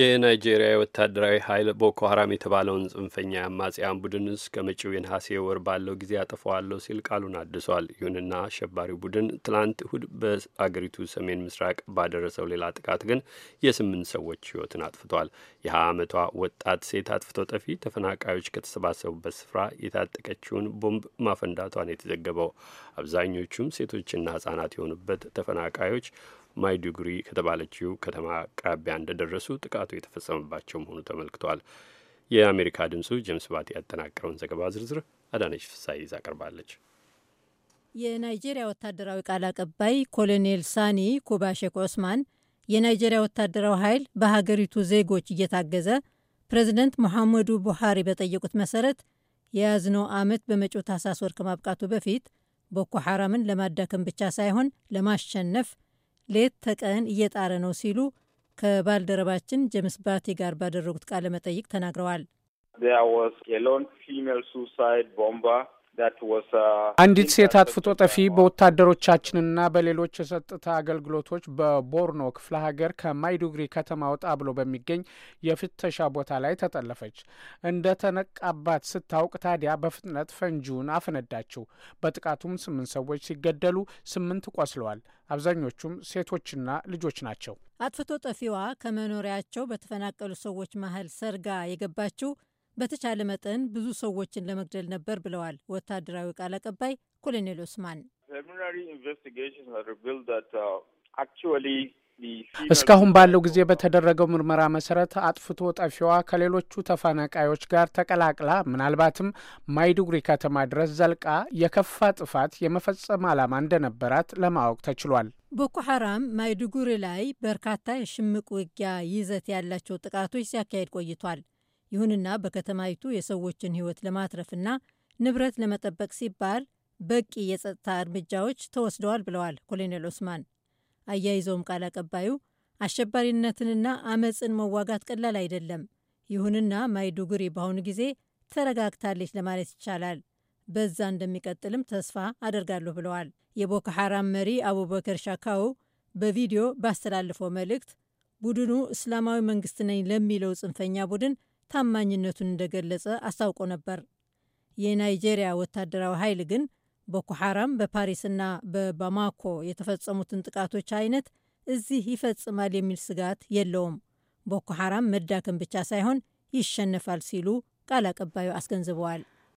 የናይጄሪያ ወታደራዊ ኃይል ቦኮ ሀራም የተባለውን ጽንፈኛ አማጽያን ቡድን እስከ መጪው የነሐሴ ወር ባለው ጊዜ አጠፋዋለሁ ሲል ቃሉን አድሷል። ይሁንና አሸባሪው ቡድን ትላንት እሁድ በአገሪቱ ሰሜን ምስራቅ ባደረሰው ሌላ ጥቃት ግን የስምንት ሰዎች ሕይወትን አጥፍቷል። የሀያ ዓመቷ ወጣት ሴት አጥፍቶ ጠፊ ተፈናቃዮች ከተሰባሰቡበት ስፍራ የታጠቀችውን ቦምብ ማፈንዳቷን የተዘገበው አብዛኞቹም ሴቶችና ህጻናት የሆኑበት ተፈናቃዮች ማይዱጉሪ ከተባለችው ከተማ አቅራቢያ እንደደረሱ ጥቃቱ የተፈጸመባቸው መሆኑ ተመልክቷል። የአሜሪካ ድምጹ ጀምስ ባቲ ያጠናቀረውን ዘገባ ዝርዝር አዳነች ፍሳይ ይዛ ቀርባለች። የናይጄሪያ ወታደራዊ ቃል አቀባይ ኮሎኔል ሳኒ ሼክ ኦስማን የናይጄሪያ ወታደራዊ ኃይል በሀገሪቱ ዜጎች እየታገዘ ፕሬዚደንት ሙሐመዱ ቡሃሪ በጠየቁት መሰረት የያዝነው ዓመት በመጪው ታህሳስ ወር ከማብቃቱ በፊት ቦኮ ሐራምን ለማዳከም ብቻ ሳይሆን ለማሸነፍ ሌት ተቀን እየጣረ ነው ሲሉ ከባልደረባችን ጀምስ ባቴ ጋር ባደረጉት ቃለ መጠይቅ ተናግረዋል። Uh, አንዲት ሴት አጥፍቶ ጠፊ uh, በወታደሮቻችንና በሌሎች የጸጥታ አገልግሎቶች በቦርኖ ክፍለ ሀገር ከማይዱግሪ ከተማ ወጣ ብሎ በሚገኝ የፍተሻ ቦታ ላይ ተጠለፈች። እንደ ተነቃባት ስታውቅ ታዲያ በፍጥነት ፈንጂውን አፈነዳችው። በጥቃቱም ስምንት ሰዎች ሲገደሉ፣ ስምንት ቆስለዋል። አብዛኞቹም ሴቶችና ልጆች ናቸው። አጥፍቶ ጠፊዋ ከመኖሪያቸው በተፈናቀሉ ሰዎች መሀል ሰርጋ የገባችው በተቻለ መጠን ብዙ ሰዎችን ለመግደል ነበር ብለዋል ወታደራዊ ቃል አቀባይ ኮሎኔል ኦስማን። uh, እስካሁን ባለው ጊዜ በተደረገው ምርመራ መሰረት አጥፍቶ ጠፊዋ ከሌሎቹ ተፈናቃዮች ጋር ተቀላቅላ ምናልባትም ማይዱጉሪ ከተማ ድረስ ዘልቃ የከፋ ጥፋት የመፈጸም ዓላማ እንደነበራት ለማወቅ ተችሏል። ቦኮ ሐራም ማይዱጉሪ ላይ በርካታ የሽምቅ ውጊያ ይዘት ያላቸው ጥቃቶች ሲያካሄድ ቆይቷል። ይሁንና በከተማይቱ የሰዎችን ሕይወት ለማትረፍና ንብረት ለመጠበቅ ሲባል በቂ የጸጥታ እርምጃዎች ተወስደዋል ብለዋል ኮሎኔል ኦስማን። አያይዘውም ቃል አቀባዩ አሸባሪነትንና አመፅን መዋጋት ቀላል አይደለም፣ ይሁንና ማይዱጉሪ በአሁኑ ጊዜ ተረጋግታለች ለማለት ይቻላል። በዛ እንደሚቀጥልም ተስፋ አደርጋለሁ ብለዋል። የቦኮ ሐራም መሪ አቡበከር ሻካው በቪዲዮ ባስተላልፈው መልእክት ቡድኑ እስላማዊ መንግስት ነኝ ለሚለው ጽንፈኛ ቡድን ታማኝነቱን እንደገለጸ አስታውቆ ነበር። የናይጄሪያ ወታደራዊ ኃይል ግን ቦኮ ሐራም በፓሪስና በባማኮ የተፈጸሙትን ጥቃቶች አይነት እዚህ ይፈጽማል የሚል ስጋት የለውም፣ ቦኮ ሐራም መዳከም ብቻ ሳይሆን ይሸነፋል ሲሉ ቃል አቀባዩ አስገንዝበዋል።